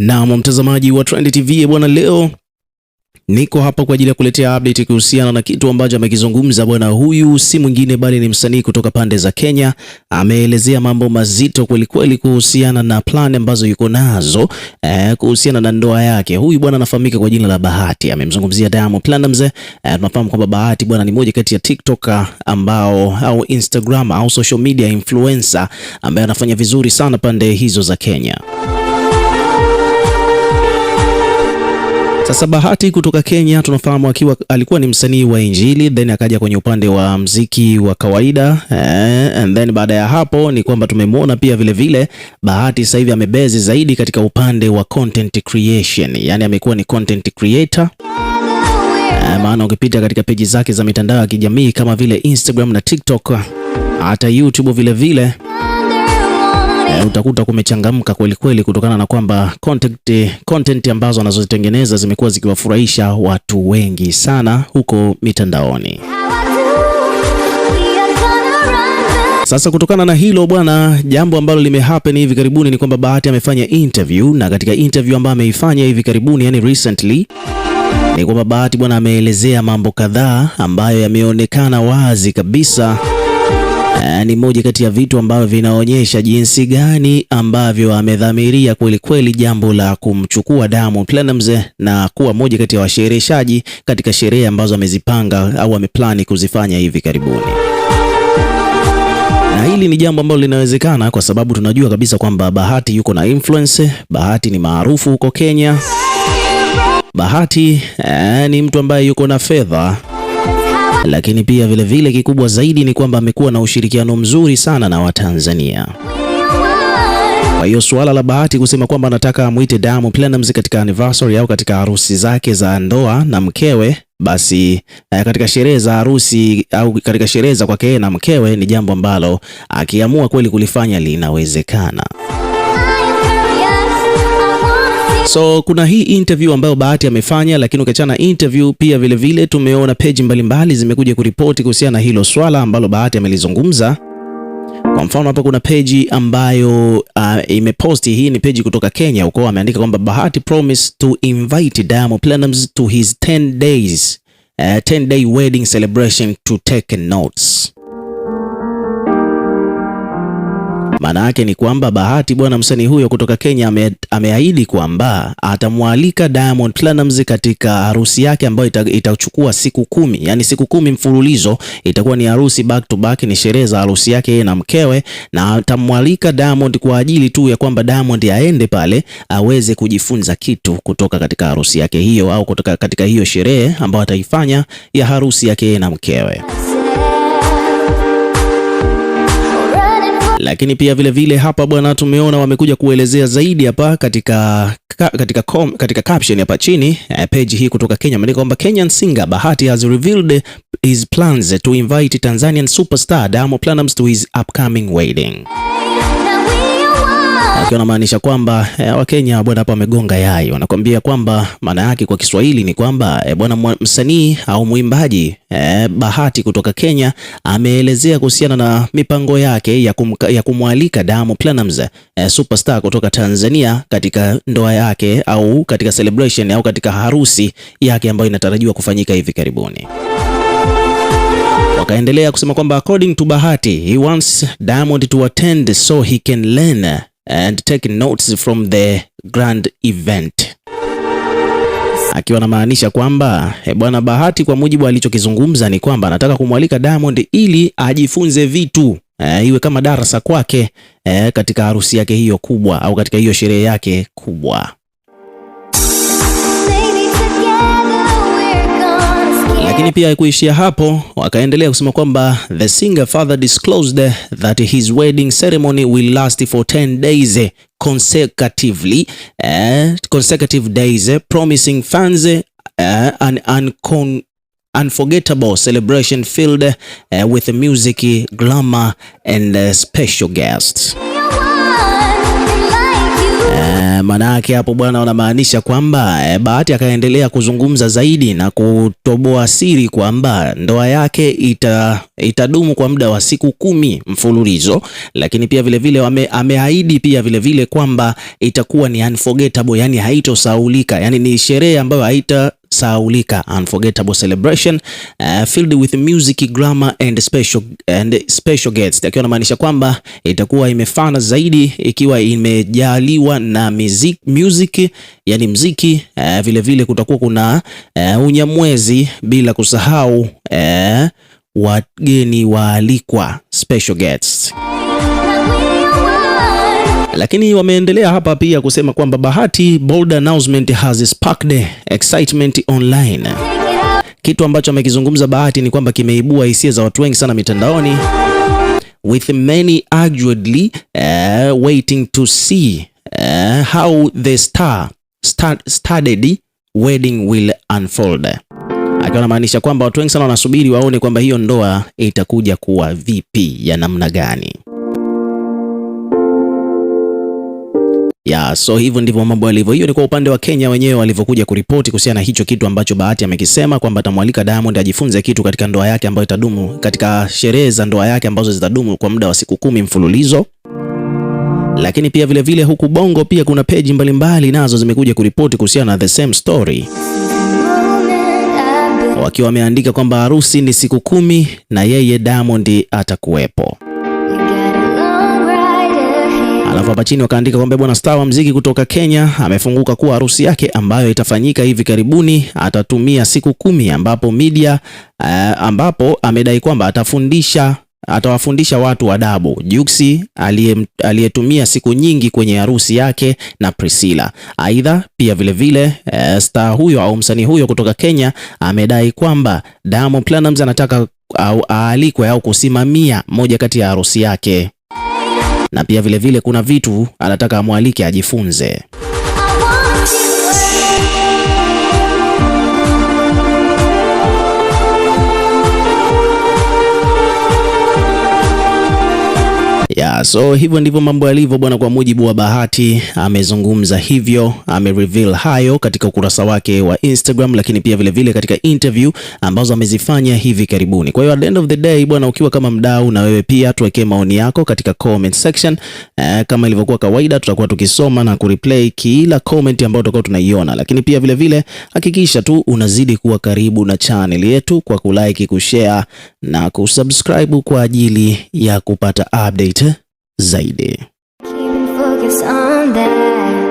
Naam, mtazamaji wa Trend TV bwana, leo niko hapa kwa ajili ya kuletea update kuhusiana na kitu ambacho amekizungumza bwana. Huyu si mwingine bali ni msanii kutoka pande za Kenya. Ameelezea mambo mazito kwelikweli kuhusiana na plan ambazo yuko nazo eh, kuhusiana na ndoa yake. Huyu bwana anafahamika kwa jina la Bahati, amemzungumzia Diamond Platnumz. Eh, tunafahamu eh, kwamba Bahati bwana ni moja kati ya TikToker ambao au Instagram au social media influencer ambaye anafanya vizuri sana pande hizo za Kenya. Sasa Bahati kutoka Kenya tunafahamu akiwa alikuwa ni msanii wa injili then akaja kwenye upande wa mziki wa kawaida eh, and then baada ya hapo ni kwamba tumemwona pia vile vile Bahati sasa hivi amebezi zaidi katika upande wa content creation, yani amekuwa ni content creator eh, maana ukipita katika peji zake za mitandao ya kijamii kama vile Instagram na TikTok hata YouTube vile vile uh, utakuta kumechangamka kweli kweli, kutokana na kwamba content, content ambazo anazozitengeneza zimekuwa zikiwafurahisha watu wengi sana huko mitandaoni. Sasa kutokana na hilo bwana, jambo ambalo limehappen hivi karibuni ni kwamba Bahati amefanya interview, na katika interview ambayo ameifanya hivi karibuni, yani recently, ni kwamba Bahati bwana ameelezea mambo kadhaa ambayo yameonekana wazi kabisa Eh, ni moja kati ya vitu ambavyo vinaonyesha jinsi gani ambavyo amedhamiria kweli kweli jambo la kumchukua Diamond Platnumz eh, na kuwa moja kati ya washereheshaji katika sherehe ambazo amezipanga au ameplani kuzifanya hivi karibuni. Na hili ni jambo ambalo linawezekana kwa sababu tunajua kabisa kwamba Bahati yuko na influence. Bahati ni maarufu huko Kenya. Bahati eh, ni mtu ambaye yuko na fedha lakini pia vilevile vile kikubwa zaidi ni kwamba amekuwa na ushirikiano mzuri sana na Watanzania. Kwa hiyo suala la Bahati kusema kwamba anataka amwite Diamond Platnumz katika anniversary au katika harusi zake za ndoa na mkewe, basi eh, katika sherehe za harusi au katika sherehe za kwake na mkewe ni jambo ambalo akiamua kweli kulifanya linawezekana. So kuna hii interview ambayo Bahati amefanya, lakini ukiachana interview pia vile vile tumeona peji mbalimbali zimekuja kuripoti kuhusiana na hilo swala ambalo Bahati amelizungumza. Kwa mfano hapa kuna peji ambayo uh, imeposti. Hii ni peji kutoka Kenya huko, ameandika kwamba Bahati promise to invite Diamond Platnumz to his 10 days uh, 10 day wedding celebration to take notes Maana yake ni kwamba Bahati bwana, msanii huyo kutoka Kenya ame, ameahidi kwamba atamwalika Diamond Platnumz katika harusi yake ambayo itachukua siku kumi, yani siku kumi mfululizo, itakuwa ni harusi back to back, ni sherehe za harusi yake yeye na mkewe, na atamwalika Diamond kwa ajili tu ya kwamba Diamond aende pale aweze kujifunza kitu kutoka katika harusi yake hiyo au kutoka katika hiyo sherehe ambayo ataifanya ya harusi yake yeye na mkewe. Lakini pia vile vile hapa bwana, tumeona wamekuja kuelezea zaidi hapa katika katika com, katika caption hapa chini eh, page hii kutoka Kenya ameandika kwamba Kenyan singer Bahati has revealed his plans to invite Tanzanian superstar Diamond Platnumz to his upcoming wedding akiwa anamaanisha kwamba e, Wakenya bwana hapa wamegonga yai. Wanakwambia kwamba maana yake kwa Kiswahili ni kwamba eh, bwana msanii au mwimbaji eh, Bahati kutoka Kenya ameelezea kuhusiana na mipango yake ya, kum, ya kumwalika Diamond Platnumz eh, superstar kutoka Tanzania katika ndoa yake au katika celebration au katika harusi yake ambayo inatarajiwa kufanyika hivi karibuni. Wakaendelea kusema kwamba according to Bahati he wants Diamond to attend so he can learn and take notes from the grand event, akiwa anamaanisha kwamba eh, bwana Bahati kwa mujibu alichokizungumza ni kwamba anataka kumwalika Diamond ili ajifunze vitu e, iwe kama darasa kwake e, katika harusi yake hiyo kubwa au katika hiyo sherehe yake kubwa. Lakini pia haikuishia hapo, wakaendelea kusema kwamba the singer father disclosed that his wedding ceremony will last for 10 days consecutively eh, consecutive days eh, promising fans eh, an uncon unforgettable celebration filled uh, with music, glamour and uh, special guests maana yake hapo bwana wanamaanisha kwamba e, Bahati akaendelea kuzungumza zaidi na kutoboa siri kwamba ndoa yake ita, itadumu kwa muda wa siku kumi mfululizo, lakini pia vilevile ame, ameahidi pia vilevile kwamba itakuwa ni unforgettable, yani haitosaulika, yani ni sherehe ambayo haita saulika unforgettable celebration uh, filled with music grammar and special, and special guests, akiwa anamaanisha kwamba itakuwa imefana zaidi ikiwa imejaliwa na music, music yani mziki uh, vile vile kutakuwa kuna uh, unyamwezi bila kusahau uh, wageni waalikwa special guests. Lakini wameendelea hapa pia kusema kwamba Bahati bold announcement has sparked excitement online. Kitu ambacho amekizungumza Bahati ni kwamba kimeibua hisia za watu wengi sana mitandaoni with many arguably uh, eh, waiting to see uh, how the star start, studded wedding will unfold, akiwa anamaanisha kwamba watu wengi sana wanasubiri waone kwamba hiyo ndoa itakuja kuwa vipi ya namna gani. ya so hivyo ndivyo mambo yalivyo. Hiyo ni kwa upande wa Kenya wenyewe walivyokuja kuripoti kuhusiana na hicho kitu ambacho Bahati amekisema kwamba atamwalika Diamond ajifunze kitu katika ndoa yake ambayo itadumu katika sherehe za ndoa yake ambazo zitadumu kwa muda wa siku kumi mfululizo. Lakini pia vilevile vile huku Bongo pia kuna peji mbalimbali nazo zimekuja kuripoti kuhusiana na the same story wakiwa wameandika kwamba harusi ni siku kumi na yeye Diamond atakuwepo. Alafu hapa chini wakaandika kwamba bwana star wa mziki kutoka Kenya amefunguka kuwa harusi yake ambayo itafanyika hivi karibuni atatumia siku kumi, ambapo media uh, ambapo amedai kwamba atafundisha atawafundisha watu adabu. Juksi aliyetumia siku nyingi kwenye harusi yake na Priscilla. Aidha pia vilevile vile, uh, star huyo au msanii huyo kutoka Kenya amedai kwamba Diamond Platnumz anataka au aalikwe au kusimamia moja kati ya harusi yake na pia vilevile vile kuna vitu anataka amwalike ajifunze. Yeah, so hivyo ndivyo mambo yalivyo bwana. Kwa mujibu wa Bahati amezungumza hivyo, reveal hayo katika ukurasa wake wa Instagram, lakini pia vilevile vile katika interview ambazo amezifanya hivi karibuni. Kwa hiyo at the end of the day bwana, ukiwa kama mdau na wewe pia tuwekee maoni yako katika comment section. Eh, kama ilivyokuwa kawaida, tutakuwa tukisoma na kureplay kila comment ambayo tutakuwa tunaiona, lakini pia vilevile vile, hakikisha tu unazidi kuwa karibu na channel yetu kwa kulike, kushare na kusubscribe kwa ajili ya kupata update zaidi. Keep focus on that.